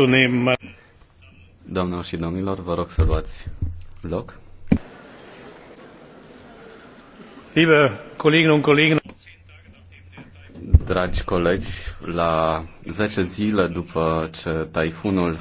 anzunehmen. Doamnelor și domnilor, vă rog să luați loc. Liebe Kolleginnen und Kollegen, Dragi colegi, la 10 zile după ce taifunul